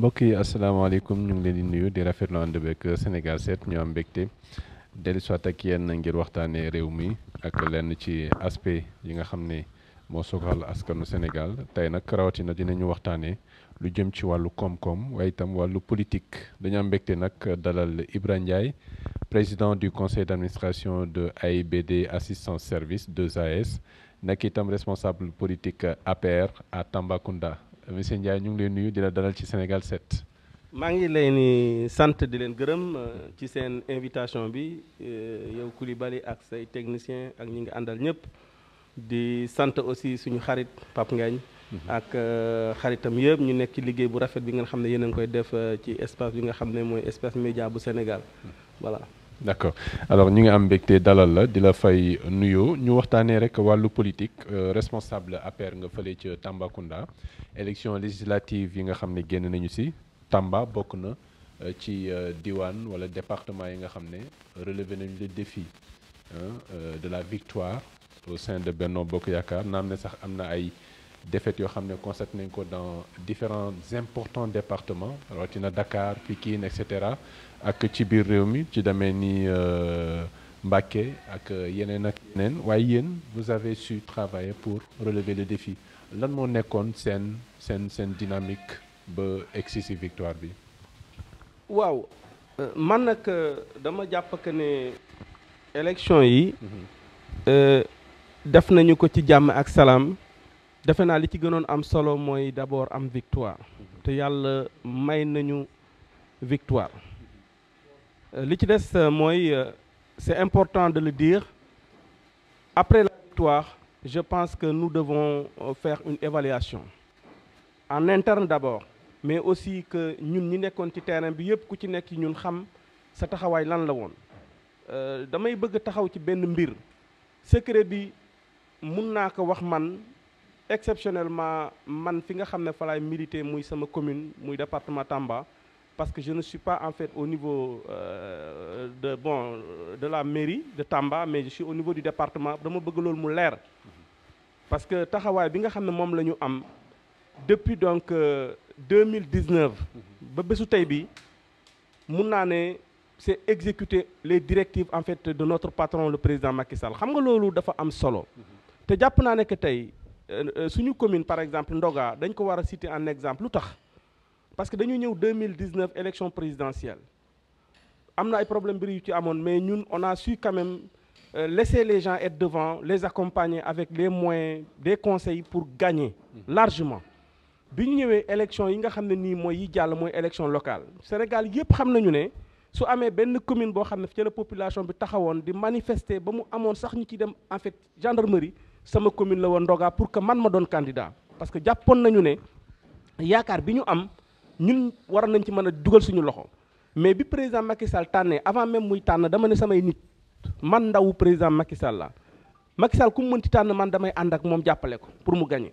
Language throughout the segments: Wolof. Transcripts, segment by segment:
mbokk yi asalaamaaleykum ñu ngi leen di nuyu di rafetlu ànd beeg Sénégal seet ñu am mbégte dellu soit ak yéen ngir waxtaanee réew mi ak lenn ci aspect yi nga xam ni moo soxal askanu Sénégal tey nag rawatina dinañu waxtaanee lu jëm ci wàllu koom-koom waaye itam wàllu politique dañu am mbégte nag dalal Ibra Ndiaye président du conseil d'administration de AIBD assistance service 2AS nekk itam responsable politique APR à Tambacounda. monsieur Ndiaye ñu ngi leen nuyu di la dalal ci Sénégal 7. maa ngi lay ni sant di leen gërëm euh, ci seen invitation bi euh, yow Coulibaly ak say technicien ak ñu ngi àndal ñëpp di sant aussi suñu xarit Pape Ngagne mhm. ak euh, xaritam yëpp ñu nekk ci liggéey bu rafet bi nga xam ne yéen a ngi koy def ci espace bi nga xam ne mooy espace média bu Sénégal mhm. voilà d' accord alors ñu ngi am mbégte dalal la di la fay nuyoo ñu waxtaanee rek wàllu politique euh, responsable APR nga fële ca Tambacounda élection législative yi nga xam ne génn nañu si Tamba bokk na euh, ci euh, diwaan wala département yi nga xam ne relevé nañu le défi de la victoire au sein de Benno Bokk Yaakaar naam ne sax am na ay. défaites yoo xam ne constaté nañ ko dans différents importants départements rawatina Dakar Pikine et cetera ak ci biir réew mi ci demee ni euh, Mbacké ak yeneen ak yeneen waaye yéen vous avez su travailler pour relever le défi lan moo nekkoon seen seen seen dynamique ba egsi victoire bi. waaw euh, man nag euh, dama jàpp que ne élection yi. Mhm. def nañu ko ci jàmm ak salaam. defe naa li ci gënoon am solo mooy d'abord am victoire mhm. te yàlla may nañu victoire euh, li ci des euh, mooy euh, c'est important de le dire après la victoire je pense que nous devons faire une évaluation en interne d'abord mais aussi que ñun ñi nekkoon ci terrain bi yëpp ku ci nekk ñun xam sa taxawaay lan la woon damay bëgg taxaw ci benn mbir secret bi mun naa ko wax man exceptionnellement man fi nga xam ne fa laay militer muy sama commune muy département Tamba parce que je ne suis pas en fait au niveau euh, de bon de la mairie de Tamba mais je suis au niveau du département dama bëgg loolu mu leer parce que taxawaay bi nga xam ne moom la ñu am depuis donc euh, deux mille euh, 2019 ba bésu tey bi mun naa ne c'est exécuter les directives en fait de notre patron le président Macky Sall xam nga loolu dafa am solo te jàpp naa ne que tey Euh, euh, suñu commune par exemple Ndoga dañ ko war a citer en exemple lu tax parce que dañu ñëw 2019 élection présidentielle am na ay problème bëri yu ci amoon mais ñun on a su quand même euh, laisser les gens être devant les accompagner avec les moyens des conseils pour gagner mmh. largement bi ñu ñëwee élection yi nga xam ne nii mooy yi jàll mooy élection locale Sénégal yëpp xam nañu ne su amee benn commune boo xam ne ci la population bi taxawoon di manifester ba mu amoon sax ñu ci dem en fait gendarmerie sama commune la woon Ndoga pour que man ma doon candidat parce que jàppoon nañu ne yaakaar bi ñu am ñun war nañ ci mën a dugal suñu loxo mais bi président Macky Sall tànnee avant même muy tànn dama ne samay nit man ndawu président Macky Sall la Macky Sall ku mu mënti tànn man damay ànd ak moom jàppale ko pour mu gagner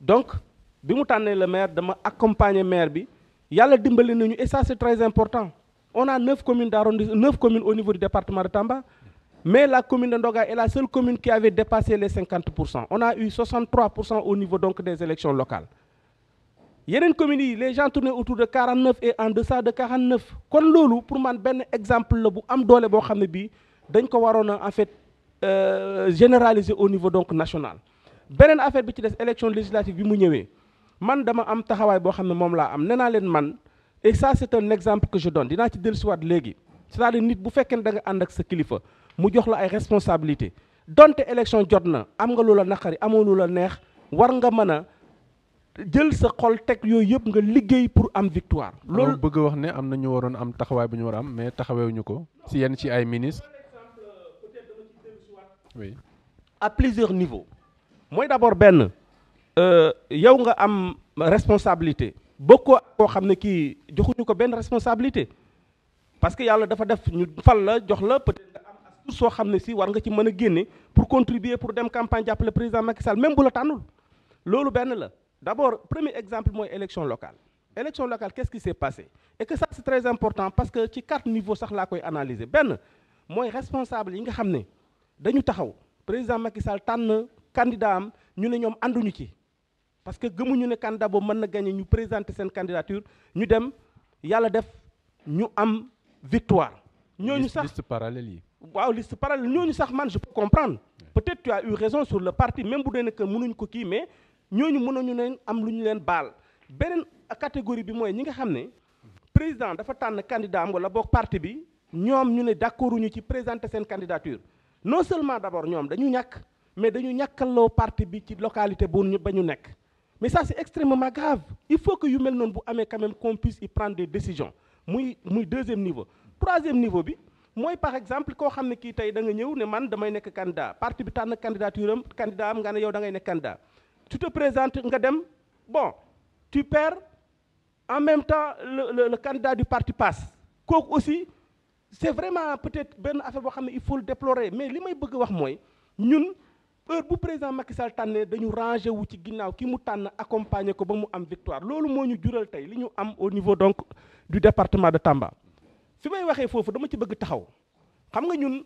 donc bi mu tànnee le maire dama accompagner maire bi yàlla dimbali nañu et ça c'est très important on a neuf communes d'arrondissement neuf communes au niveau du Tamba Mais la commune de Ndoga est la seule commune qui avait dépassé les 50%. On a eu 63% au niveau donc des élections locales. yeneen communes yi les gens tournaient autour de 49 et en deçà de 49 kon loolu pour man benn exemple la bu am doole boo xam ne bii dañ ko waroon a en fait euh, généraliser au niveau donc national beneen affaire bi ci des élection législative bi mu ñëwee man dama am taxawaay boo xam ne moom laa am nee naa leen man et ça c'est un exemple que je donne dinaa ci dellusiwaat léegi fekkee ne da ànd ak sa mu jox la ay responsabilité donte élection jot na am nga lu la naqari amoo lu la neex war nga mën a jël sa xol teg yooyu yëpp nga liggéey pour am victoire. loolu bëgg wax ne am na ñu waroon am taxawaay bu ñu war a am mais taxaweewuñu ko si yenn ci ay ministre oui à plusieurs niveaux. mooy d'abord benn euh, yow nga am responsabilité bokkoo koo xam ne kii joxuñu ko benn responsabilité parce que yàlla dafa def ñu fal la jox la peut soo xam ne si war nga ci mën a génne pour contribuer pour dem campagne jàppale président Macky Sall même bu la tànnul loolu benn la d' abord premier exemple mooy élection locale élection locale qu'est-ce qui s'est passé et que ça c'est très important parce que ci quatre niveaux sax laa koy analyser benn mooy responsable yi nga xam ne dañu taxaw président Macky Sall tànn candidat am ñu ne ñoom ànduñu ci parce que gëmuñu ne candidat boobu mën na gagné ñu présenter seen ñu dem yàlla def ñu am victoire ñooñu sax liste yi waaw liste parallèle ñooñu sax man je comprendre peut-être tu as raison sur le parti même bu dee ne que mënuñ ko kii mais ñooñu mën nañu leen am lu ñu leen baal beneen catégorie bi mooy ñi nga xam ne président dafa tànn candidat am wala boog parti bi ñoom ñu ne d'accorduñu ci présenter seen candidature non seulement d'abord ñoom dañu ñàkk mais dañu ñàkkaloo parti bi ci localité bu ñu ba ñu nekk mais ça c'est extrêmement grave il faut que yu mel noonu bu amee quand même qu'on puisse y prendre des décisions muy muy deuxième niveau troisième bi mooy par exemple koo xam ne kii tey danga ñëw ne man damay nekk candidat parti bi tànn candidature am candidat am nga ne yow da ngay nekk candidat tu te présentes nga dem bon tu perds en même temps le, le, le du parti passe kooku aussi c'est vraiment peut-être benn affaire boo xam ne il faut le mais li may bëgg wax mooy ñun heure bu président Macky Sall tànnee dañu rangé wu ci ginnaaw kii mu tànn accompagner ko ba mu am victoire loolu moo ñu jural tey li ñu am au niveau donc du département de Tamba fi may waxee foofu dama ci bëgg taxaw xam nga ñun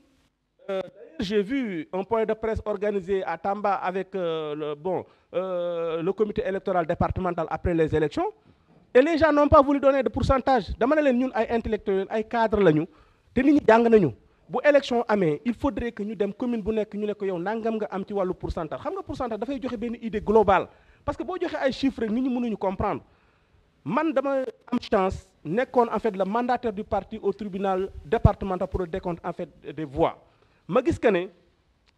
euh, j'ai vu un de presse organisé à Tamba avec euh, le bon euh, le comité électoral départemental après les élections et les gens n'ont pas voulu donner de dama ne leen ñun ay intellectuels ay cadres lañu te nit ñi jàng nañu bu élection amee il faudrait que ñu dem commune bu nekk ñu nekk ko yow nangam nga am ci wàllu pourcentage xam nga pourcentage dafay joxe benn idée globale parce que boo joxee ay chiffres nit ñi mënuñu comprendre man dama am chance. nekkoon en fait le mandataire du parti au tribunal départemental pour le décompte en fait des voix ma gis que ne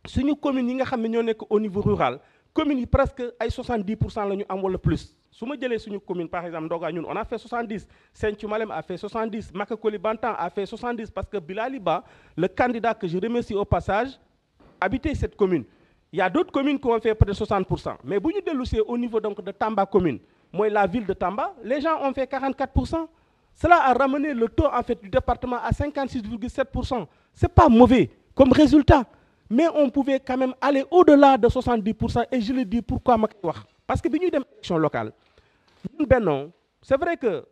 suñu communes yi nga xam ne ñoo nekk au niveau rural communes yi presque ay 70 pour cent la am wala plus su ma jëlee suñu commune par exemple Ndoga ñun on a fait 70 Sinthiou Malem a fait 70 Makakoli Bantan a fait 70 parce que Bilali Ba le candidat que je remercie au passage habitait cette commune il y a d'autres communes Cela a ramené le taux en fait, du département à 56,7%. Ce n'est pas mauvais comme résultat. Mais on pouvait quand même aller au-delà de 70%. Et je le dis pourquoi Parce que nous avons une élection locale. Ben c'est vrai qu'il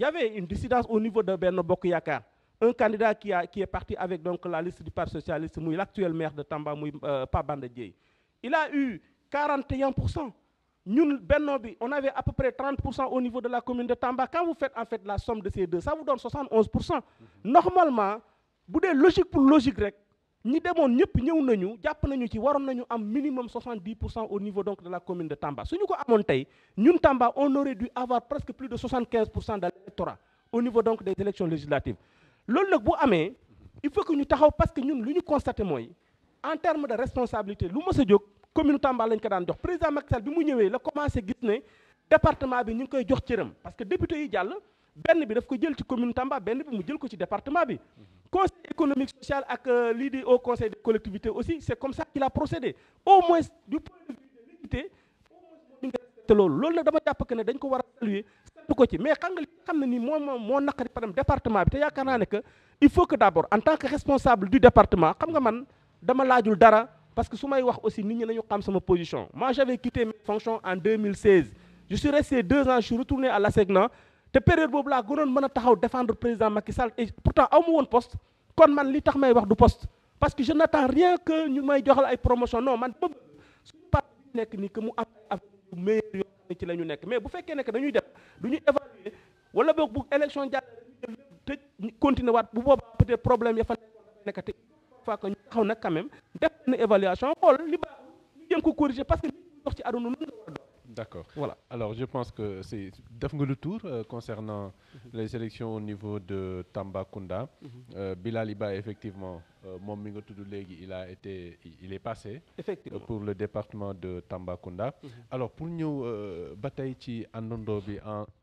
y avait une dissidence au niveau de Benno Bokuyaka. Un candidat qui, a, qui est parti avec donc, la liste du Parti Socialiste, l'actuel maire de Tamba, Mouy, euh, Pabande Il a eu ñun bennoo bi on avait à peu près 30 pour cent au niveau de la commune de Tamba quand vous faites en fait la somme de ces deux ça vous donne 71 cent mm-hmm. normalement bu dee logique pour logique rek ñi demoon ñëpp ñëw nañu jàpp nañu ci waroon nañu am minimum 70 pour cent au niveau donc de la commune de Tamba su ñu ko amoon tey ñun Tamba on aurait dû avoir presque plus de 75 pour cent de l'électorat au niveau donc des élections législatives loolu nag que ñu taxaw parce ñu constaté mooy en termes de responsabilité lu mës a jóg commune Tamba lañ ko daan jox président Macky Sall bi mu ñëwee la commencé gis ne département bi ñu ngi koy jox cëram parce que député yi jàll benn bi daf ko jël ci commune Tamba benn bi mu jël ko ci département bi. conseil économique social ak euh, lii di au conseil des collectivités aussi c' est comme ça qu'il a procédé au moins du point de vue loolu loolu nag dama jàpp que ne dañ ko war a saluer ko ci mais xam nga li ni moom moo naqari par exemple département naa ne que il faut que en tant que responsable du département xam nga man dama laajul dara. parce que su may wax aussi nit ñi nañu xam sama position moi j'avais quitté mes fonctions en 2016 je suis resté deux ans je suis retourné à l'ASECNA te période boobu laa gënoon mën a taxaw défendre président Macky Sall et pourtant aw ma woon poste kon man li tax may wax du post parce que je n'attends rien que ñu may joxal ay promotion non man bëgg suñu parti nekk ni mu am affaire meilleur ci la ñu nekk mais bu fekkee nekk dañuy def du ñu évaluer wala boog bu élection jàll tëj continuer waat bu boobaa peut-être problème ya fois que ñu taxaw nag quand même évaluation xool li baax ñu jéem corriger parce que li dox ci aduna noonu la dox D'accord. Voilà. Alors, je pense que c'est Dafngo le tour euh, concernant mhm. les élections au niveau de Tambacounda. Mm -hmm. euh, Bilaliba, effectivement, euh, il a été, il est passé euh, effectivement. pour le département de Tambacounda. Mm -hmm. Alors, pour nous, euh, bataille Anondobi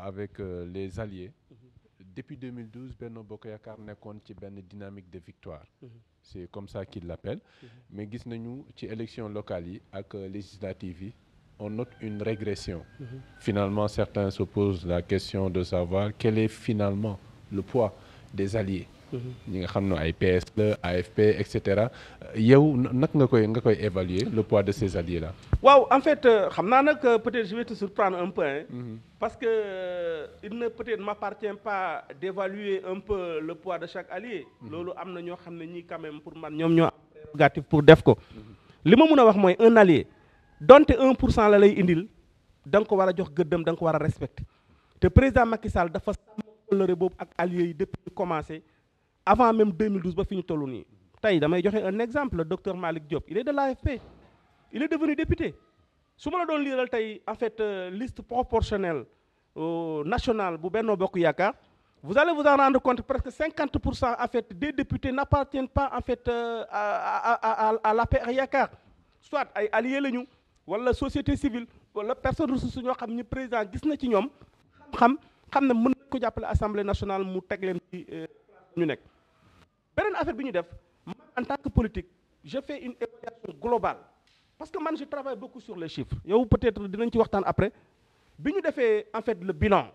avec euh, les alliés. Mhm. depuis 2012 Benno Bokk Yaakaar nekkoon ci benn dynamique de victoire. Mhm. c'est comme ça qu'il l'appelle. Mhm. mais gis nañu ci élection locale yi ak euh, législative yi on note une régression. Mhm. finalement certains se posent la question de savoir quel est finalement le poids des alliés. Mm-hmm. ñi nga xam ne ay PS la AFP et cetera yow nag nga koy nga koy évaluer le poids de ces alliés là. waaw en fait euh, xam naa nag euh, peut-être je un peu hein, mmh. parce que euh, il ne peut-être m'appartient pas d'évaluer un peu le poids de chaque allié. Mm-hmm. loolu am na ñoo xam ne ñii quand pour man ñoom ñoo am prérogative pour def ko. Mm-hmm. li ma mun a wax mooy un allié donte un pour cent la lay indil danga nga ko war a jox gëddam danga nga ko war a respecter te président Macky Sall dafa sàmm kóllëre boobu ak yi depuis commencé. avant même 2012 ba fi ñu toll nii tey damay joxe un exemple le docteur Malick Diop il est de l'AFP il est devenu député su ma la doon liiral tey en fait euh, liste proportionnelle euh, national bu Benno Bokk Yaakaar vous allez vous en rendre compte presque cinquante pour cent en fait des députés n'appartiennent pas en fait euh, à à à l'APR Yaakaar soit ay alliés lañu wala société civile wala personne ressource ñoo xam ni président gis na ci ñoom xam xam ne mën ko jàppale assemblée nationale mu teg leen ci ñu nekk. beneen affaire bi ñu def man en tant que politique je fais une évaluation globale parce que man je travaille beaucoup sur les chiffres yow peut-être dinañ ci waxtaan après bi ñu defee en fait le bilan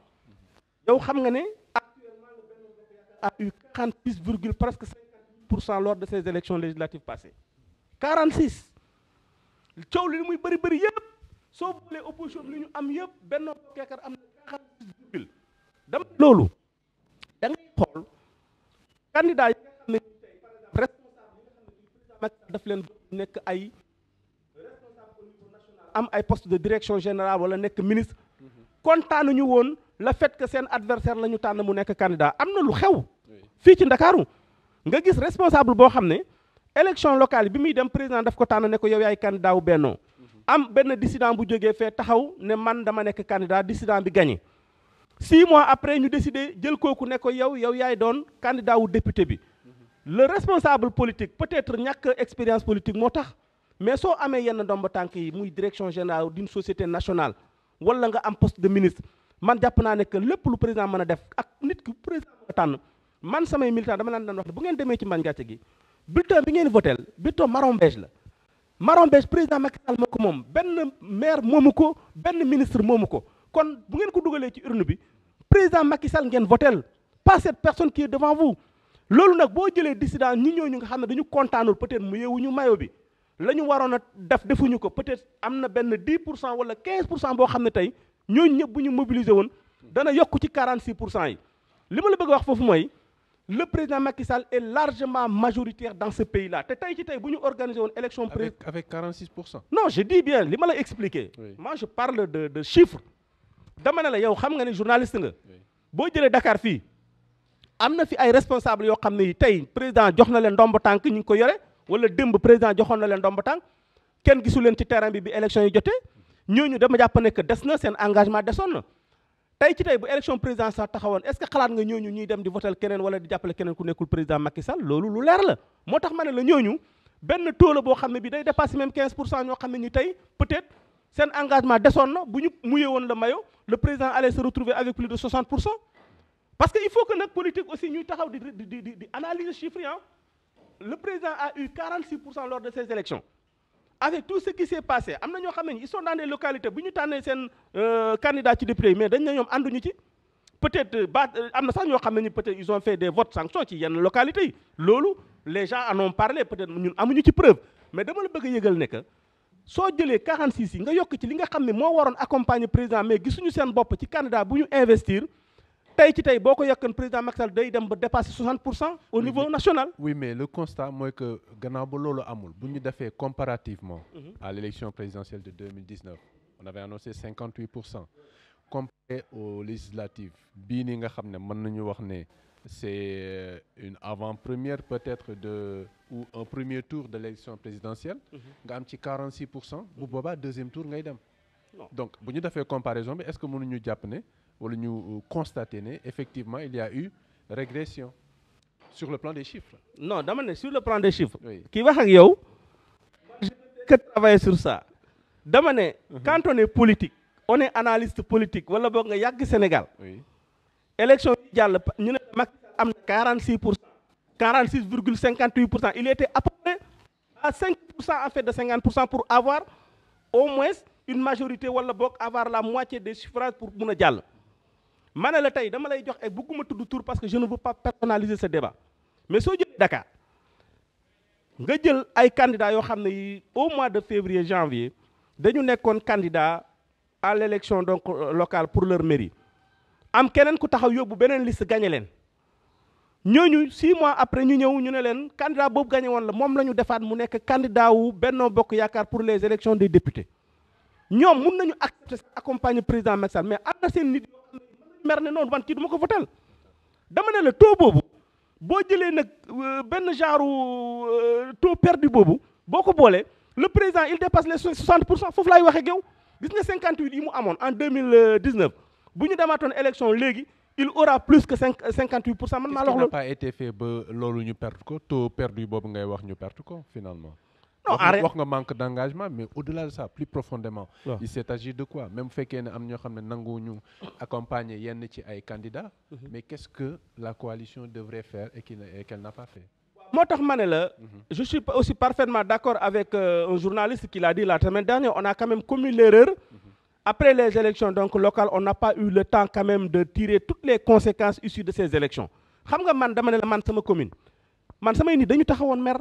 yow xam nga ne actuellement le Benno Bokk Yaakaar a eu 46 virgule presque 58 pour cent lors de ces élections législatives passées 46 coow li muy bëri bëri yëpp soo boolee opposition li ñu am yëpp Benno Bokk Yaakaar am na 46 virgule dama loolu da xool candidat daf leen nekk ay responsable am ay poste de direction générale wala nekk ministre kontaanuñu woon le fet que seen adversaire la ñu tànn mu nekk candidat am na lu xew fii ci Ndakaaru nga gis responsable boo xam ne élection locale bi muy dem président daf ko tànn ne ko yow yaay candidat wu am benn dissident bu jógee fee taxaw ne man dama nekk candidat dissident bi gagné six mois après ñu décidé jël kooku ne ko yow yow yaay doon candidat wu député bi le responsable politique peut-être ñàkk expérience politique moo tax mais soo amee yenn ndomba tànk yi muy direction générale d'une société nationale wala nga am poste de ministre man jàpp naa ne que lépp lu président mën a def ak nit ki président tànn man samay militant dama leen daan wax ne bu ngeen demee ci mbañ gàcce gi bulletin bi ngeen votel bulletin marron la marron président Macky Sall moo ko moom benn maire moomu ko benn ministre moomu ko kon bu ngeen ko dugalee ci urne bi président Macky Sall ngeen votel pas cette personne qui est loolu nag boo jëlee dissident ñi ñooñu nga xam ne dañu kontaanul peut-être mu ñu mayo bi la ñu waroon a def defuñu ko peut-être am na benn 10 pour cent wala 15 pour cent boo xam ne tey ñooñu ñëpp bu ñu mobiliser woon dana yokk ci 46 pour cent yi li ma la bëgg wax foofu mooy le président Macky Sall est largement dans ce pays là te tey ci tey bu ñu organiser woon élection avec avec 46 pour cent. non je dis bien li ma la expliquer. moi je parle de de chiffres. dama la yow xam nga ne journaliste nga. boo jëlee Dakar fii. am na fi ay responsable yoo xam ne tey président jox na leen ndomb tànk ñu ngi ko yore wala démb président joxoon na leen ndomb tànk kenn gisu leen ci terrain bi bi élection yi jotee ñooñu dama jàpp ne que des na seen engagement desoon na tey ci tey dem di jàppale keneen ku nekkul président Macky Sall loolu lu leer la moo tax ma ne la ñooñu benn taux la boo xam ne bi day dépassé même 15 pour cent ñoo xam ne tey peut seen engagement desoon na bu ñu muyee woon la mayo le président allait se retrouver avec plus parce que il faut que nag politique aussi ñuy taxaw di di di di analyser ah. le président a eu 46 pour cent lors de ces élections avec tout ce qui s'est passé am na ñoo xam ne ils sont dans des localités bu ñu tànnee seen euh, candidat ci député yi mais dañ ne ñoom ànduñu ci peut-être euh, ba euh, am na sax ñoo xam ne peut-être ils ont fait des votes sanctions ci yenn localités yi loolu les gens en peut-être ñun amuñu ci preuve mais dama la bëgg a yëgal ne que soo yokk ci li nga xam ne moo waroon accompagner président mais gisuñu seen bopp ci candidat bu ñu investir. tey ci tey boo ko yokkoon président Macky day dem ba dépasser 60 pour cent au niveau national. oui mais le constat mooy que gannaaw ba loolu amul bu ñu defee comparativement. Mhm. à l'élection présidentielle de 2019 on avait annoncé 58 pour cent comparé aux législatives bii nii nga xam ne man mën ñu wax ne. c'est euh, une avant-première peut-être de ou un premier tour de l'élection présidentielle mhm. nga am ci 46 pour cent bu booba deuxième tour ngay dem donc bu ñu defee comparaison bi est-ce que mënuñu jàpp ne wala ñu euh, constater ne effectivement il y a eu régression sur le plan des chiffres. non dama ne sur le plan des chiffres. oui kii wax ak yow. je n'ai que travaillé sur ça. dama ne. Mhm. quand on est politique. analyste politique wala boog nga yàgg Sénégal. oui élection jàll ñu ne Macky am na 46 pour cent. 46 virgule 58 pour cent il était à à 5 pour cent en fait de 50 pour cent pour avoir au moins une majorité wala boog avoir la moitié de suffrages pour mun a jàll. ma ne la tey dama lay jox ay bëgguma tudd tur parce que je ne veux pas personnaliser ce débat mais soo jëlee Dakar nga jël ay candidats yoo xam ne yi au mois de février janvier dañu nekkoon candidat à l' donc euh, locale pour leur mairie am keneen ku taxaw yóbbu beneen liste gagné leen ñooñu six mois après ñu ñëw ñu ne leen candidat boobu gagné woon la moom la ñu defaat mu nekk candidat wu Benno Bokk Yaakaar pour les élections des députés ñoom mun nañu accepter accompagner président Macky Sall mais am na seen mer ne noonu man kii du ma ko votel dama ne la boobu boo jëlee nag euh, benn genre euh, taux perdu boobu boo ko boolee le président il dépasse les soixante pour cent foofu laay waxee géew gis nga cinquante huit yi mu amoon en deux mille dix neuf bu ñu demaatoon élection léegi il aura plus que cinq cinquante huit pour cent man maa la wax loolu. n'a ba loolu ñu perte ko taux perdu boobu ngay wax ñu perte ko finalement. non wax nga manque d' engagement mais au delà de ça plus profondément ouais. il s'est agi de quoi même fekkee ne am ñoo xam ne nanguwuñu accompagner yenn ci ay candidats mm mais qu'est-ce que la coalition devrait faire et qu'elle qu n'a pas fait moo tax ma ne la mhm. je suis aussi parfaitement d'accord avec euh, un journaliste qui l'a dit la semaine dernière on a quand même commis l'erreur mm -hmm. après les élections donc locales on n'a pas eu le temps quand même de tirer toutes les conséquences issues de ces élections xam nga man dama ne sama commune man samay nit dañu taxawoon maire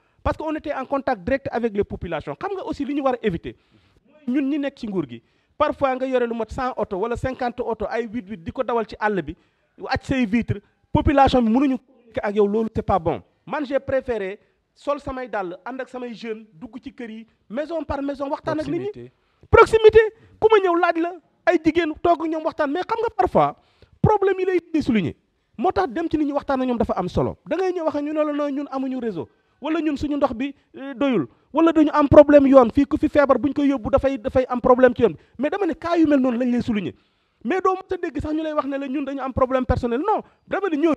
parce que on était en contact direct avec les populations xam nga aussi li ñu war a éviter ñun ñi nekk ci nguur gi parfois nga yore lu mat cent oto wala cinquante oto ay huit huit di ko dawal ci àll bi aj say vitre population bi mënuñu communiquer ak yow loolu c'est pas bon man j'ai préféré sol samay dàll ànd ak samay jeunes dugg ci kër yi maison par maison waxtaan ak nit ñi proximité ku ma ñëw laaj la ay jigéen toog ñoom waxtaan mais xam nga parfois problème yi lay souligner moo tax dem ci nit ñi waxtaan ak ñoom dafa am solo da ñëw wax ñu ne la ñun amuñu réseau wala ñun suñu ndox bi euh, doyul wala dañu am problème yoon fii ku fi feebar bu ñu koy yóbbu dafay dafay am problème ci yoon bi mais dama ne cas yu mel noonu lañ lay souligner mais doo mënta dégg sax ñu lay wax ne la ñun dañu am problème personnel non dama ne ñoo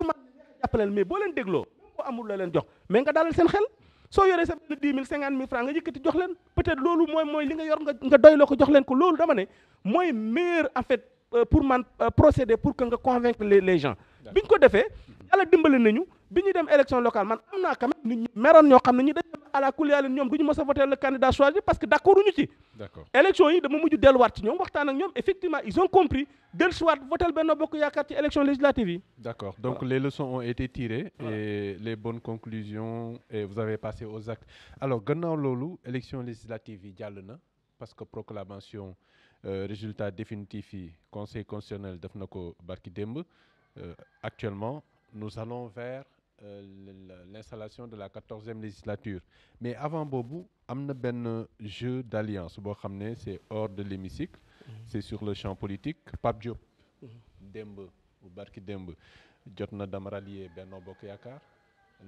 ma jàppaleel boo leen dégloo boo amul leen jox mais nga dalal seen xel soo yoree sa benn dix mille cinquante mille franc nga yëkkati jox leen peut-être loolu mooy mooy li nga yor nga doyloo ko jox leen ko loolu dama ne mooy meilleur en fait euh, pour man euh, procéder pour que nga convaincre les les gens biñ ko defee yàlla dimbali nañu bi ñu dem élection locale man am naa quand meroon ñoo xam ne ñu dañ dem à la ñoom du ñu mës a voté le candidat choisi parce que d' accord uñu ci élection yi dama mujj delluwaat ci ñoom waxtaan ak ñoom effectivement ils ont compris dellu siwaat votel Benno Bokk Yaakaar ci élection législative yi d' donc les leçons ont été tirées voilà. et les bonnes conclusions et vous avez passé aux actes alors gannaaw loolu élection législative yi jàll na parce que proclamation euh, résultat définitif yi conseil constitutionnel def na ko barki démb euh, actuellement nous allons vers euh, l'installation de la quatorzième législature mais avant boobu am na benn jeu d'alliance boo xam ne c'est hors de l'hémicycle mhm. c'est sur le champ politique Pape Diop mhm. démb bu barki démb jot na dama benn Benno Bokk Yaakaar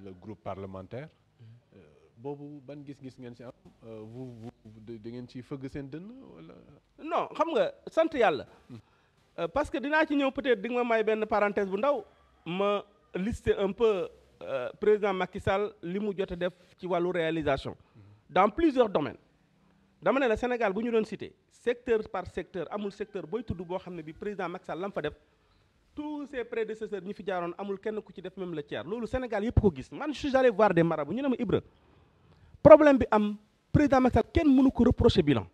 le groupe parlementaire mhm. euh, boobu ban gis-gis ngeen ci am euh, vous vous ngeen ci fëgg seen dënn wala non xam nga sant yàlla hmm. euh, parce que dinaa ci ñëw peut-être ma may benn parenthèse bu ndaw ma lister un peu euh, président Macky Sall li mu jot a def ci wàllu réalisation dans plusieurs domaines dama ne la senegal bu ñu doon cité secteur par secteur amul secteur booy tudd boo xam ne bi président Macky Sall la mu fa def tous ses prédécesseurs ñi fi jaaroon amul kenn ku ci def même le tiers loolu Sénégal yëpp ko gis man je suis allé voir des marabouts ñu ne ma Ibra problème bi am président Macky kenn mënu ko reprocher bilan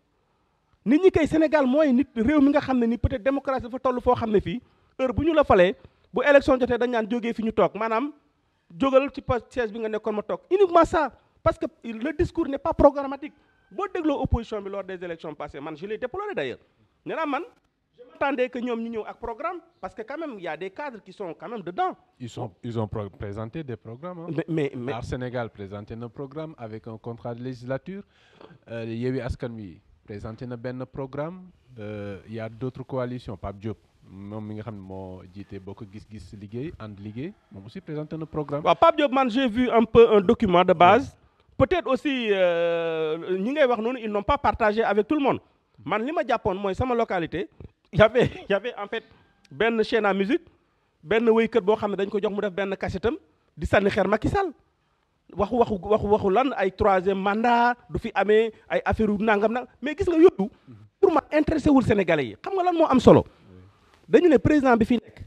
nit ñi kay Sénégal mooy nit réew mi nga xam ne ni peut-être démocratie dafa toll foo xam ne fii ñu bu élection jotee dañ naan jógee fi ñu toog maanaam jógal ci siège bi nga nekkoon ma toog uniquement ça parce que le discours n'est pas programmatique boo dégloo opposition bi lors des élections passées man je l'ai déploré d'ailleurs nee naa man je m'attendais que ñoom ñu ñëw ak programme parce que quand même a des cadres qui sont quand même dedans. ils sont ils ont présenté des programmes. mais mais mais Aar Sénégal na programme avec un contrat de législature euh, Yewwi Askan Wi présenté na benn programme il euh, y a d'autres moom mi nga xam ne moo jiite boo ko gis-gis liggéey ànd liggéey moom aussi présenté na programme. waaw Pape Diop man j'ai vu un document de base. peut-être aussi euh, ñi ngay wax noonu ils n'ont pas partagé avec tout le monde man li ma jàppoon mooy sama localité y avait en fait benn chaîne à musique benn wéykat boo xam ne dañ ko jox mu def benn kasetam di sànni xeer Macky Sall waxu waxu waxu waxu lan ay troisième mandat du fi amee ay affaire nangam na mais gis nga yóbbu pour ma intéressé wul sénégalais yi xam nga lan moo am solo dañu ne président bi fii nekk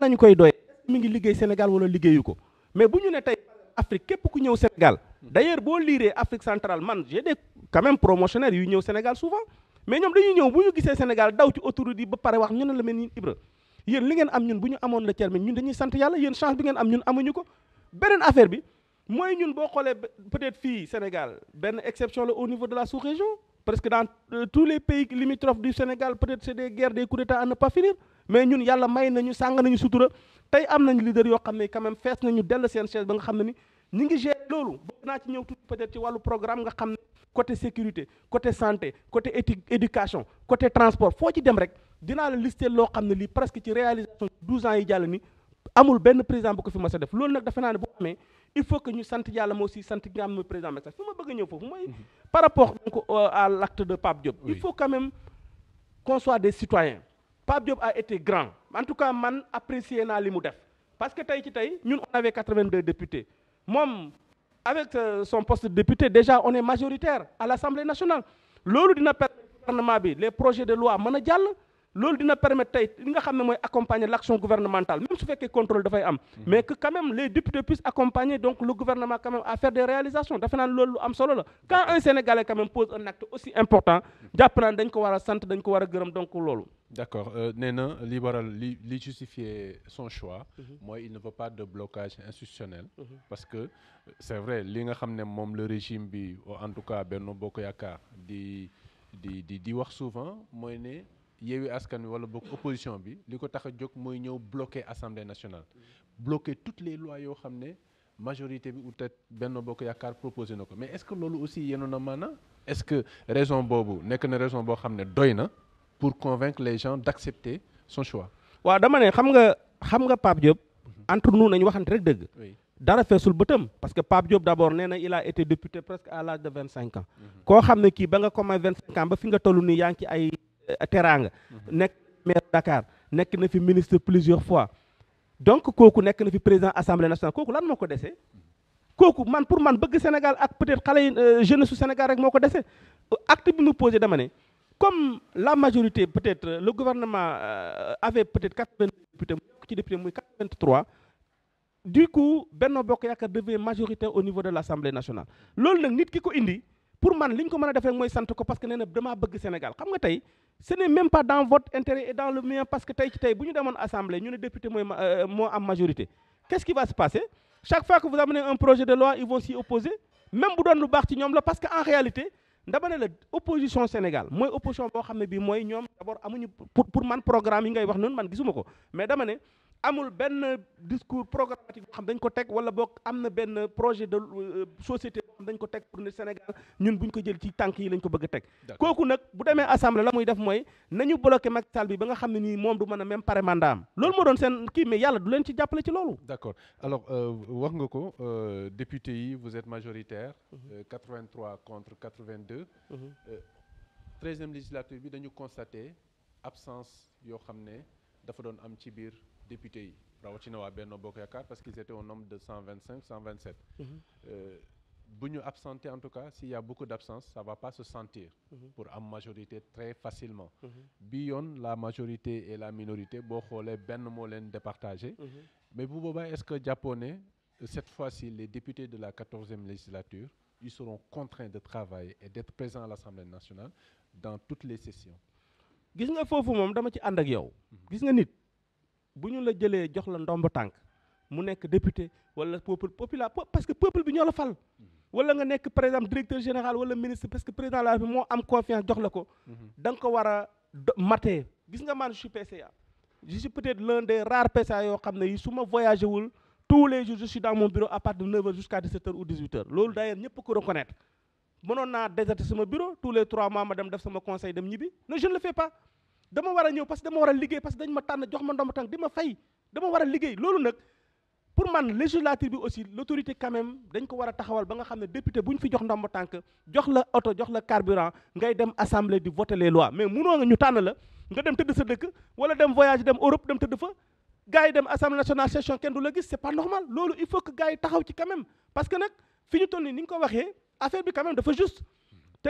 nañu koy doyee mi ngi liggéey Sénégal wala liggéeyu ko mais bu ñu ne tey Afrique képp ku ñëw Sénégal d'ailleurs boo liiree Afrique centrale man j'ai des quand même promotionnaires yuy ñëw Sénégal souvent mais ñoom dañuy ñëw bu ñu gisee Sénégal daw ti autorité yi ba pare wax ñu ne la mel ni Ibra yéen li ngeen am ñun bu ñu amoon la Thierno ñun dañuy sant yàlla yéen chance bi ngeen am ñun amuñu ko beneen affaire bi mooy ñun boo xoolee peut-être fii Sénégal benn exception la au niveau de la sous-région parce que dans euh, tous les pays limitrophes du Sénégal peut-être c'est des mais ñun yàlla may nañu sàng nañu sutura tey am nañu leader yoo xam ne quand même fees nañu dell seen chaise ba nga xam ne ni ñu ngi gérer loolu bëgg naa ci ñëw tuuti peut-être ci wàllu programme nga xam ne côté sécurité côté santé côté éthique éducation côté transport foo ci dem rek dinaa la lister loo xam ne lii presque ci réalisation 12 ans yi jàll ni amul benn président bu ko fi mas a def loolu nag defe naa ne bu amee il faut que ñu sant yàlla moo aussi sant ki nga xam ne mooy euh, de Pape Diop il faut quand même qu'on soit des Pape Diop a été grand en tout cas man apprécier naa li mu def parce que tey ci tey ñun on avait 82 députés moom avec euh, son poste de député déjà on est majoritaire à l'Assemblée nationale loolu dina permettre gouvernement bi les projets de loi mën a jàll loolu dina permettre tey li nga xam ne mooy accompagner l'action gouvernementale même su fekkee contrôle dafay am mhm. mais que quand même les députés puissent accompagner donc le gouvernement quand même à faire des réalisations dafa lu am solo la quand un Sénégalais quand même pose un acte aussi war a sant dañ ko war a gërëm donc loolu d' accord euh, nee na li waral li li justifier son choix. Mhm. mooy il ne veut pas de blocage institutionnel. Mhm. parce que c' est li nga xam ne moom le régime bi en tout cas Benno Bokk Yaakaar di di di di wax souvent mooy ne Yewwi Askan Wi wala bokk opposition bi li ko tax a jóg mooy ñëw bloquer assemblée nationale. bloquer toutes les lois yoo xam ne majorité bi ou peut-être Benno Bokk Yaakaar proposé na ko mais est ce que loolu aussi yenoon na maanaam est ce que raison boobu nekk na raison boo xam ne doy na. pour convaincre les gens d'accepter son choix. waaw dama ne xam nga xam nga Pape Diop. Mhm. entre nous nañu waxante rek dëgg. dara feesul bëtam parce que Pape Diop d' abord nee na il a été député presque à l'âge de vingt cinq ans. Mhm. koo xam ne kii ba nga commencé vingt cinq ans ba fi nga toll nii yaa ngi ci ay euh, teraanga. Mhm. nekk maire Dakar nekk na fi ministre plusieurs fois. donc kooku nekk na fi président assemblée nationale kooku lan moo ko dese. kooku man pour man bëgg Sénégal ak peut-être xale yi euh, jeunesse su Sénégal rek moo ko dese acte bi posé dama ne. comme la majorité peut-être le gouvernement euh, avait peut-être quatre-vingt députés député muy quatre-vingt-trois du coup Benno Bokk Yaakaar devient majorité au niveau de l'Assemblée nationale loolu nag nit ki ko indi pour man li ñu ko mën a mooy sant ko parce que nee na bëgg Sénégal xam nga tey ce n'est même pas dans votre intérêt et dans le mien parce que tey ci tey bu ñu demoon assemblée ñu ne député mooy euh, moo am majorité qu'est-ce qui va se passer chaque fois que parce que en dama ne la opposition Sénégal mooy opposition boo xam ne bii mooy ñoom d'abord amuñu pour pour man programme yi ngay wax noonu man gisuma ko mais damane amul benn discours programmatique boo xam dañ ko teg wala boog am na benn projet de euh, société boo dañ ko teg pour ne Sénégal ñun buñ ko jël ci tànk yi lañ ko bëgg a teg kooku nag bu demee assemblée la muy def mooy nañu bloqué Macky Sall bi ba nga xam ne nii du mën a même pare mandat am loolu moo doon seen kii mais yàlla du leen ci jàppale ci alors euh, wax nga ko euh, député yi vous êtes majoritaire mhm. euh, 83 contre 82 mhm. treizième bi dañu constaté absence yoo xam ne dafa doon am ci biir député yi rawatina waa Benno Bokk Yaakaar parce qu'ils étaient au nombre de 125 127. Mm-hmm. Euh, bu ñu absenté en tout cas s'il y a beaucoup d'absence ça va pas se sentir mm-hmm. pour am majorité très facilement mm-hmm. bi yoon la majorité et la minorité boo xoolee benn moo leen départagé mais bu boobaa est-ce que jàppoo ne cette fois-ci les députés de la quatorzième législature ils seront contraints de travailler et d'être présents à l'Assemblée nationale dans toutes les sessions gis nga foofu moom dama ci ànd ak yow gis bu ñu la jëlee jox la ndomb tànk mu nekk député wala peuple populaire parce que peuple bi ñoo la fal wala nga nekk par exemple directeur général wala ministre parce que président la bi moo am confiance jox la ko mhm. da ko war a matee gis nga man je suis PCA je suis peut-être PCA yoo xam ne yi su ma voyagé wul tous les jours je suis dans mon bureau à partir de 9 heures jusqu'à 17 heures ou 18 heures loolu d'ailleurs ñëpp ko reconnaître mënoon bureau tous les trois mois ma dem def sama dama war a ñëw parce que dama war a liggéey parce que dañ ma tànn jox ma ndomba tànk di ma fay loolu nag pour man législature bi aussi l' autorité dañ ko war a taxawal ba nga xam ne député bu ñu fi jox ndomba tànk jox la oto jox la carburant ngay dem assemblée di voter les mais munoo nga ñu tànn la nga dem tëdd sa dëkk wala dem voyage dem Europe dem tëdd fa gars yi dem assemblée nationale session kenn du la gis c' pas normal loolu il faut que gars taxaw ci quand même parce que nag fi ñu toll nii ni ko waxee affaire bi quand même dafa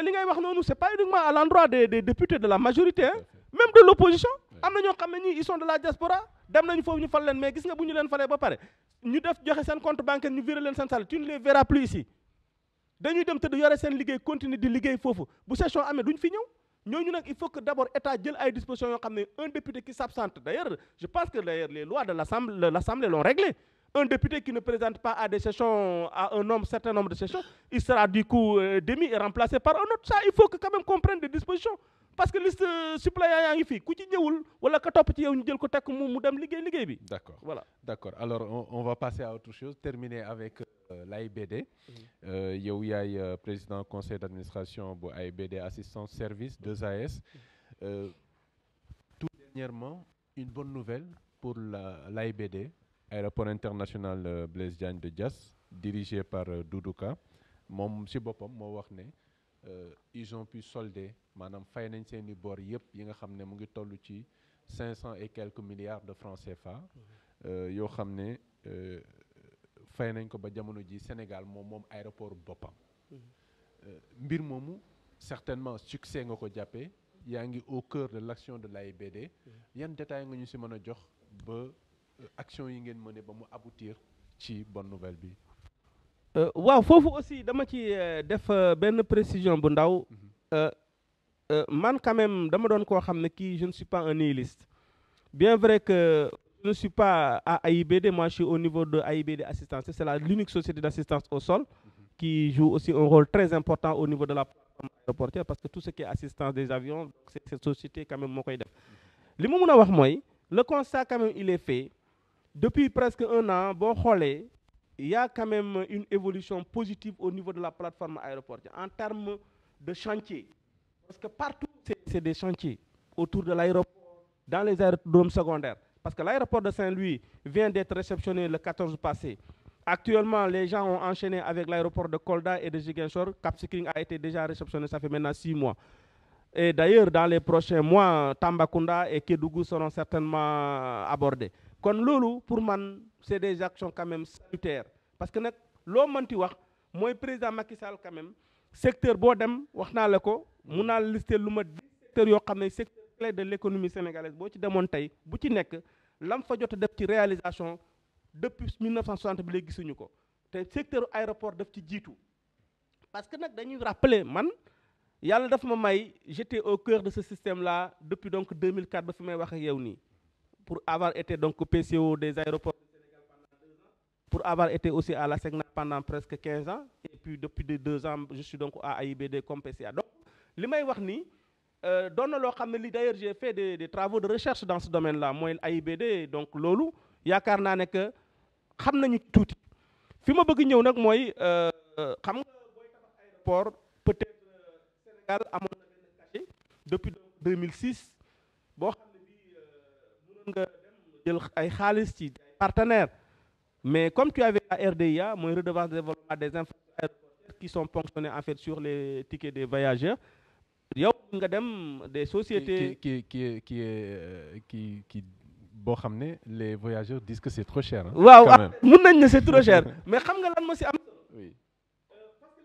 li ngay wax noonu c' est pas l' majorité même de l'opposition am na ñoo xam ne ñii ils sont de la diaspora dem nañu foofu ñu fal leen gis nga bu ñu leen falee ba pare ñu def joxe compte bancaire ñu viré leen seen tu ne les verras plus ici dañuy dem tëdd yore seen liggéey continuer di liggéey foofu bu session amee duñ fi ñëw ñooñu nag il faut que d' état jël ay dispositions yoo xam ne un député qui s'absente d' je pense que d'ailleurs les lois de l'assemblée l'assemblée l'ont un député qui ne présente parce que liste euh, suppléant yaa ngi fi ku ci ñëwul wala ka topp ci yow ñu jël ko takk mu mu dem liggéey liggéey bi. d' accord voilà d' accord alors on, on va passer à autre chose terminer avec euh, l'AIBD. Mhm. Euh, yow yaay euh, président conseil d' administration bu AIBD assistance service 2AS. Mhm. Euh, tout dernièrement une bonne nouvelle pour la l'AIBD aéroport international Blaise Diagne de Diass dirigé par Doudou moom si boppam moo wax ne. Euh, ils ont pu solder maanaam fay nañ seen i bor yëpp yi nga xam ne mu ngi toll ci cinq cent et quelques milliards de francs CFA. Mhm. Euh, yoo xam ne euh, fay nañ ko ba jamono ji Sénégal moom moom aéroport boppam. Mhm. mbir moomu certainement succès nga ko jàppe yaa ngi au cœur de l'action de l'AIBD. Mhm. yan détail nga ñu si mën a jox ba action yi ngeen mëne ba mu aboutir ci bonne nouvelle bi. Euh, waaw foofu aussi dama ci euh, def euh, benn précision bu ndaw mhm. man quand même dama doon koo xam ne kii je ne suis pas un nihiliste bien vrai que je ne suis pas à AIBD moi je suis au niveau de AIBD assistance c'est la l'unique société d'assistance au sol mhm. qui joue aussi un rôle très important au niveau de la plateforme aéroportuaire parce que tout ce qui est assistance des avions c'est cette société quand même moo koy def mhm. li ma mën a wax mooy le constat quand même il est fait depuis presque un an boo xoolee il y quand même une évolution positive au niveau de la plateforme aéroportuaire en termes de chantier. Parce que partout, c'est des chantiers autour de l'aéroport, dans les aérodromes secondaires. Parce que l'aéroport de Saint-Louis vient d'être réceptionné le 14 passé. Actuellement, les gens ont enchaîné avec l'aéroport de Kolda et de Ziguinchor. Cap Skirring a été déjà réceptionné, ça fait maintenant six mois. Et d'ailleurs, dans les prochains mois, Tambacounda et Kédougou seront certainement abordés. kon loolu pour man c'est des actions quand même parce que nag loo mënti wax mooy président Macky Sall quand même secteur boo dem wax naa la ko mun naa lister lu ma secteur yoo xam ne secteur clé de l'économie sénégalaise boo ci demoon tey bu ci nekk lam fa jot a def ci réalisation depuis cent 1960 bi léegi gisuñu ko te secteur aéroport def ci jiitu parce que nag dañuy rappeler man yàlla daf ma may j'étais au cœur de ce système là depuis donc 2004 ba fi may wax yow nii pour avoir été donc PCO des aéroports pour avoir été aussi à la SECNA pendant presque quinze ans, et puis depuis de deux ans, je suis donc à AIBD comme PCA. Donc, li may wax nii euh, doon na loo xam ne li d'ailleurs j'ai fait des des travaux de recherche dans ce domaine-là mooy AIBD donc loolu yaakaar naa ne que xam nañu tuuti fi ma bëgg ñëw nag mooy euh, xam nga booy tabax aéroport peut-être euh, Sénégal amoon na benn depuis 2006 boo xam nga jël ay xaalis ci partenaire mais comme tu avais la RDIA mooy redevance de développement des infrastructures aéroportuaires qui sont ponctionnés en fait sur les tickets des voyageurs yow nga dem des sociétés qui qui qui qui qui euh, boo xam ne les voyageurs disent que c'est trop cher waaw mën nañ ne c'est trop cher mais xam nga lan moo si am euh,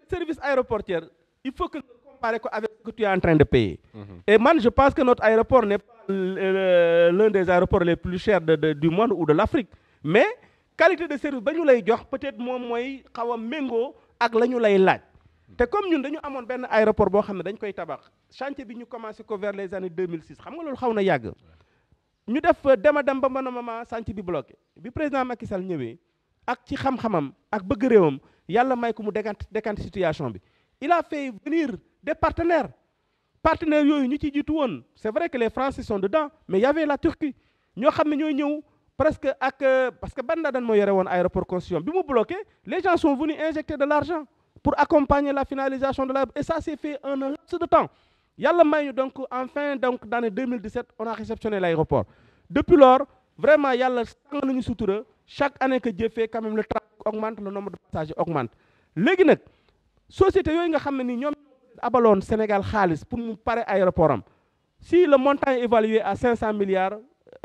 service aéroportuaire il faut que comparer avec ce que en train de payer. Mhm. Et man, je pense que notre aéroport n'est pas euh, euh, l'un des aéroports les plus chers de, de, du monde ou de l'Afrique. Mais qualité de service, lay jox peut-être moins moins mengo ak lañu lay laaj. te comme ñun dañu amoon benn aéroport boo xam ne dañ koy tabax chantier bi ñu commencé ko vers les années 2006 xam nga loolu xaw na yàgg ñu def dema dem ba mën a mama chantier bi bloqué bi président Macky Sall ñëwee ak ci xam-xamam ak bëgg réewam yàlla may ko mu décante décante situation bi a des partenaires partenaires yooyu ñu ci jiitu woon c' vrai que les Français sont dedans mais y avait la Turquie ñoo xam ne ñooy ñëw presque ak euh, parce que Bandadan moo yore woon aéroport constitution bi mu bloqué les gens sont venus injecter de l'argent pour accompagner la finalisation de la et ça en un laps de temps yàlla may ñu donc enfin donc dans les 2017 on a réceptionné l'aéroport depuis lors vraiment yàlla sàng nañu sutura chaque abaloon Sénégal xaalis pour mu pare aéroport am si le montant est évalué à 500 milliards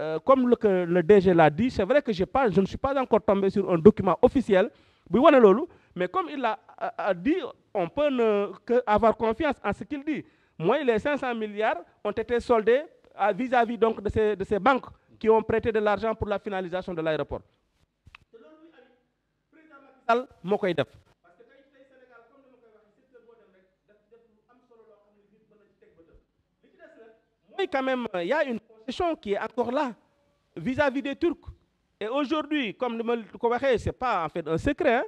euh, comme le que le DG l'a dit c'est vrai que j'ai pas je ne suis pas encore tombé sur un document officiel bu wane loolu mais comme il l'a a, dit on peut ne avoir confiance en ce qu'il dit mooy les 500 milliards ont été soldés à vis-à-vis donc de ces de ces banques qui ont prêté de l'argent pour la finalisation de l'aéroport moo koy def Oui, quand même, il y a une concession qui est Et pas en fait un secret, hein,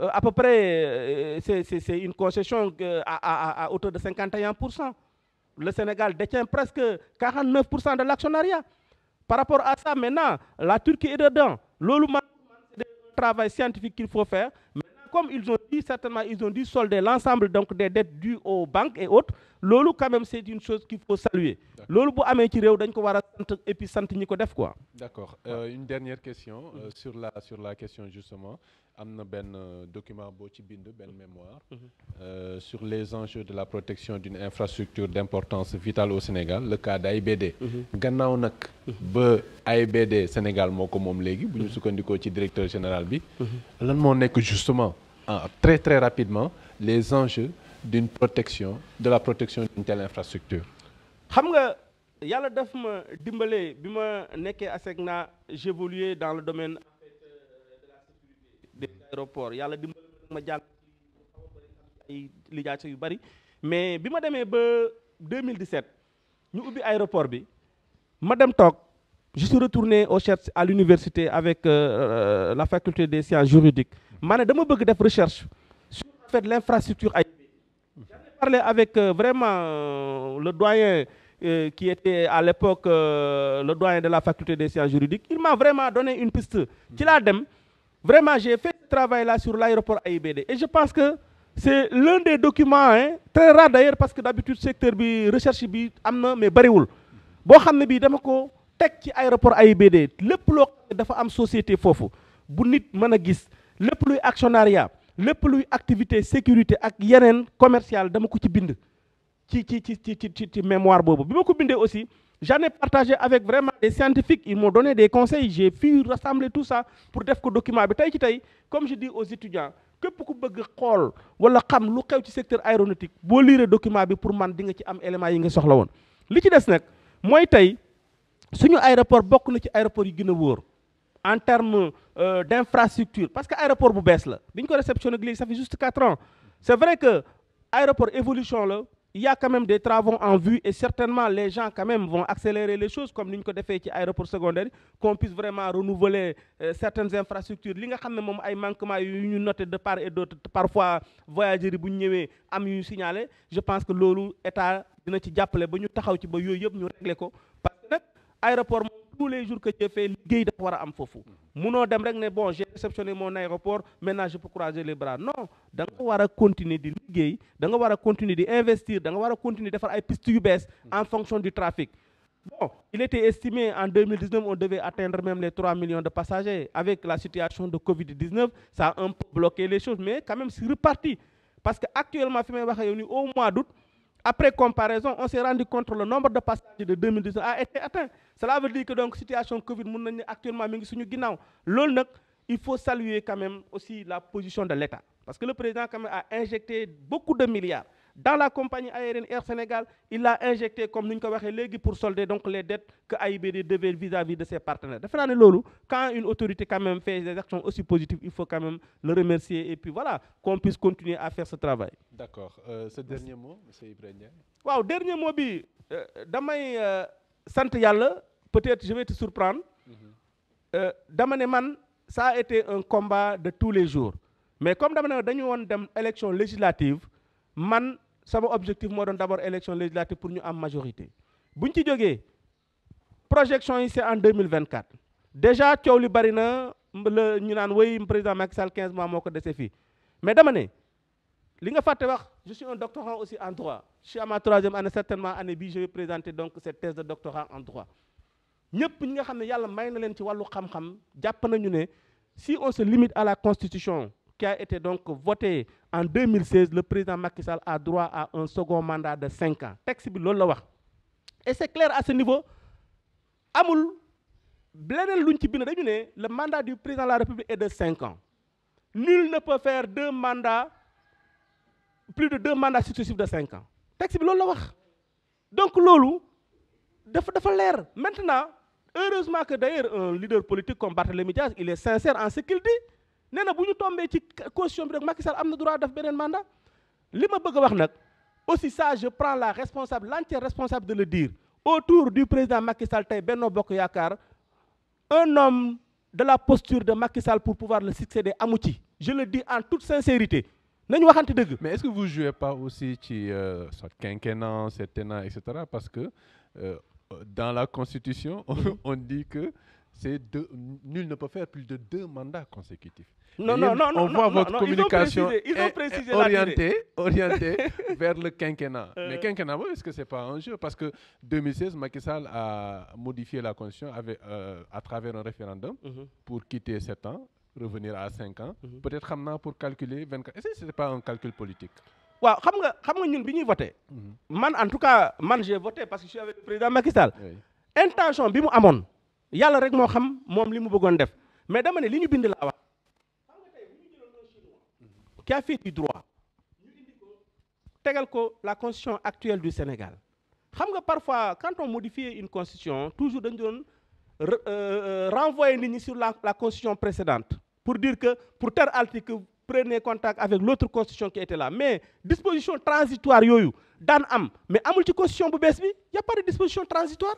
euh, à peu près, euh, c'est une concession euh, à, à, à, hauteur de 51%. Le Sénégal détient presque 49% de l'actionnariat. Par rapport à ça, maintenant, la Turquie est dedans. L'Oluman, c'est un travail scientifique qu'il faut faire. Maintenant, comme ils ont dit, certainement, ils ont dû des dettes dues loolu quand même c' est une chose qu'il faut saluer loolu bu amee ci réew dañ ko war a sant et sant ñi ko def ko d' accord euh, une dernière question euh, mm. sur la sur la question justement am na benn euh, document boo ci bind benn mm. mémoire mm-hmm. euh, sur les enjeux de la protection d'une infrastructure d'importance vitale au Sénégal le cas d'AIBD mm-hmm. gannaaw nag mm-hmm. ba AIBD Sénégal moo ko moom léegi bu ñu sukkandikoo ci directeur général bi lan moo nekk justement ah très très rapidement les enjeux d'une protection de la protection d'une telle infrastructure xam nga yàlla daf ma dimbale bi ma nekkee ASECNA j'évoluais dans le domaine en euh, yàlla dimbale ma jàng ay lijaasa yu bari mais bi ma demee ba mille 2017 ñu ubbi aéroport bi ma dem toog je suis au cherche à l'université avec euh, euh, la faculté des sciences juridiques ma ne dama bëgg def recherche sur en fait l'infrastructure aérienne J'en ai avec euh, vraiment euh, le doyen euh, qui était à l'époque euh, le doyen de la faculté des sciences juridiques. Il m'a vraiment donné une piste. Ci laa dem vraiment j'ai fait ce travail là sur l'aéroport AIBD et je pense que c'est l'un des documents hein, très rare d'ailleurs parce que d'habitude secteur bi recherche bi am na mais bariwul boo xam ne bii dama ko teg ci aéroport AIBD lépp loo dafa am société foofu bu nit mën a gis lépp luy actionnariat lépp luy activité sécurité ak yeneen commercial dama ko ci bind ci ci ci ci ci ci mémoire boobu bi ma ko bindee aussi j'en ai partagé avec vraiment des scientifiques ils m'ont donné des conseils j'ai pu rassembler tout ça pour def ko document bi tey ci tey comme je dis aux étudiants képp ku bëgg xool wala xam lu xew ci secteur aéronautique boo liiree document bi pour man dinga ci am éléments yi nga soxla woon li ci des nag mooy tey suñu aéroport bokk na ci aéroport yi gën a wóor en termes euh, d' infrastructure parce que aéroport bu bees la bi ñu ko réceptionné ak léegi ça juste quatre ans c' est vrai que aéroport évolution la il y a quand même des travaux en vue et certainement les gens quand même vont accélérer les choses comme ni ñu ko defee ci aéroport secondaire qu'on puisse vraiment renouveler euh, certaines infrastructures li nga xam ne moom ay manquements yu ñu noté de part et d'autre parfois voyageurs yi bu ñu ñëwee am yu ñu je pense que loolu état dina ci jàppale ba ñu taxaw ci ba yooyu yëpp ñu ko tous les jours que Dieu fait liggéey dafa war am foofu munoo dem rek ne bon j'ai réceptionné mon aéroport maintenant je peux les bras non da war a continuer di liggéey da war a continuer di investir da war a continuer defar ay piste yu bees en fonction du trafic il était estimé en 2019 on devait atteindre même les 3 millions de passagers avec la situation de Covid-19 ça a un peu bloqué les choses mais quand même c'est on cela veut dire que donc situation Covid mun nañ ne actuellement mi ngi suñu ginnaaw loolu nag il faut saluer quand même aussi la position de l'État parce que le président quand même a injecté beaucoup de milliards dans la compagnie aérienne Air Sénégal il a injecté comme ni ñu ko waxe léegi pour solder donc les dettes que AIBD devait vis-à-vis de ses partenaires defe naa ne loolu quand une autorité quand même fait des actions aussi positives il faut quand sant yàlla peut-être je vais te surprendre mm-hmm. euh, dama ne man ça a été un combat de tous les jours mais comme dama ne dañu woon dem élection législative man sama objectif moo doon d'abord élection législative pour ñu am majorité bu ñu ci jógee projection yi c'est en 2024 déjà coow li bari na la ñu naan woy président Macky Sall 15 mois moo ko desee fii mais dama ne li nga fàtte wax je suis un doctorant aussi en droit je suis à certainement année bii je vais donc cette thèse de doctorat en droit ñëpp ñi nga xam ne yàlla may na leen ci wàllu xam-xam jàpp nañu ne si on se limite à la constitution qui a été donc votée en 2016 le président Macky Sall a droit à un second mandat de cinq ans texte bi loolu la wax et c'est clair à ce niveau amul leneen luñ ci bind dañu ne le mandat du président la République est plus de deux mandats successifs de cinq ans texte bi loolu la wax donc loolu dafa dafa leer maintenant heureusement que d'ailleurs un leader politique comme Barthélémy Diaz il est sincère en ce qu'il na bu ñu tombee ci caution bi rek Macky am na droit def beneen mandat li ma bëgg wax nag aussi ça je prends la responsable l'entière responsable de le dire autour du président Macky Sall tey Benno Bokk Yaakaar un homme de la posture de Macky Sall pour pouvoir le succéder amu ci je le dis en toute sincérité nañu waxante dëgg. mais est-ce que vous jouez pas aussi ci euh, soit quinquennat septennat et cetera parce que euh, dans la constitution on dit que c'est deux nul ne peut faire plus de deux mandats consécutifs. non non non on voit votre communication orientée vers le quinquennat. Euh. mais quinquennat boobu est-ce que c'est pas un jeu parce que 2016 Macky Sall a modifié la constitution avec à travers un référendum. Mhm. pour quitter sept ans. revenir à cinq ans. Mhm. peut-être xam naa pour calculer vingt quatre est-ce que c'est pas un calcul politique. waaw xam nga xam nga ñun bi ñuy vote mhm. man en tout cas man j'ai voté parce que je suis avec le président Macky intention bi mu amoon. yàlla rek moo xam moom li mu bëggoon def mais dama ne li ñu bind laa wax. xam nga a fait du droit. ko tegal ko la constitution actuelle du Sénégal. xam nga parfois quand on modifie une constitution toujours dañu doon. Euh, euh, renvoyer nit ñi sur la la constitution précédente pour dire que pour tel article prenez contact avec l'autre constitution qui était là mais disposition transitoire yooyu daan am mais amul ci constitution bu bees bi y a pas de disposition transitoire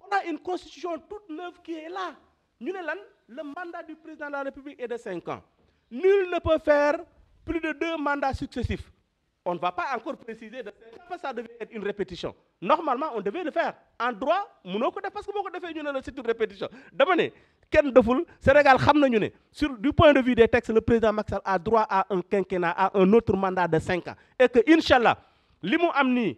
on une constitution toute neuve qui est la ñu ne lan le mandat du président de la république est de cinq ans nul ne peut faire plus de deux mandats successifs on ne va pas encore préciser de parce que ça devait être une répétition normalement on devait le faire en droit mënoo ko def parce que ko defee ñu ne la c'est une répétition dama ne kenn deful Sénégal xam nañu ne sur du point de vue des textes le président Macky Sall droit à un quinquennat à un autre mandat de cinq ans et que incha allah li mu am nii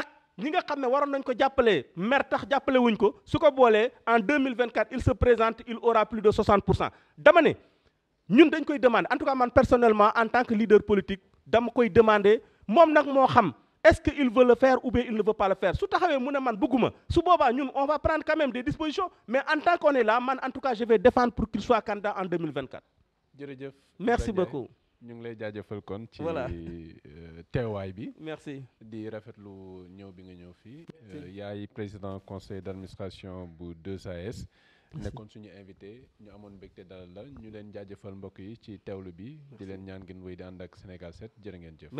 ak ñi nga xam ne waroon nañ ko jàppale mer tax jàppale wuñ ko su ko boolee en 2024 il se présente il aura plus de 60 dama koy demander moom nag moo xam est-ce que il veut le faire ou bien il ne veut pas faire su taxawee mu ne man bëgguma su boobaa ñun on va prendre quand même des dispositions mais en tant qu'on est là man en tout cas je vais défendre pour qu'il soit candidat en 2024 jërëjëf merci beaucoup ñu ngi lay jaajëfal kon ci euh, teewaay bi merci di rafetlu ñëw bi nga ñëw fii euh, yaay président conseil d'administration bu 2AS nekkoon suñu invité ñu amoon mbégte dalal la ñu leen jaajëfal mbokk yi ci teewlu bi di leen ñaan ngeen wéy di ànd ak Sénégal 7 jërë ngeen jëf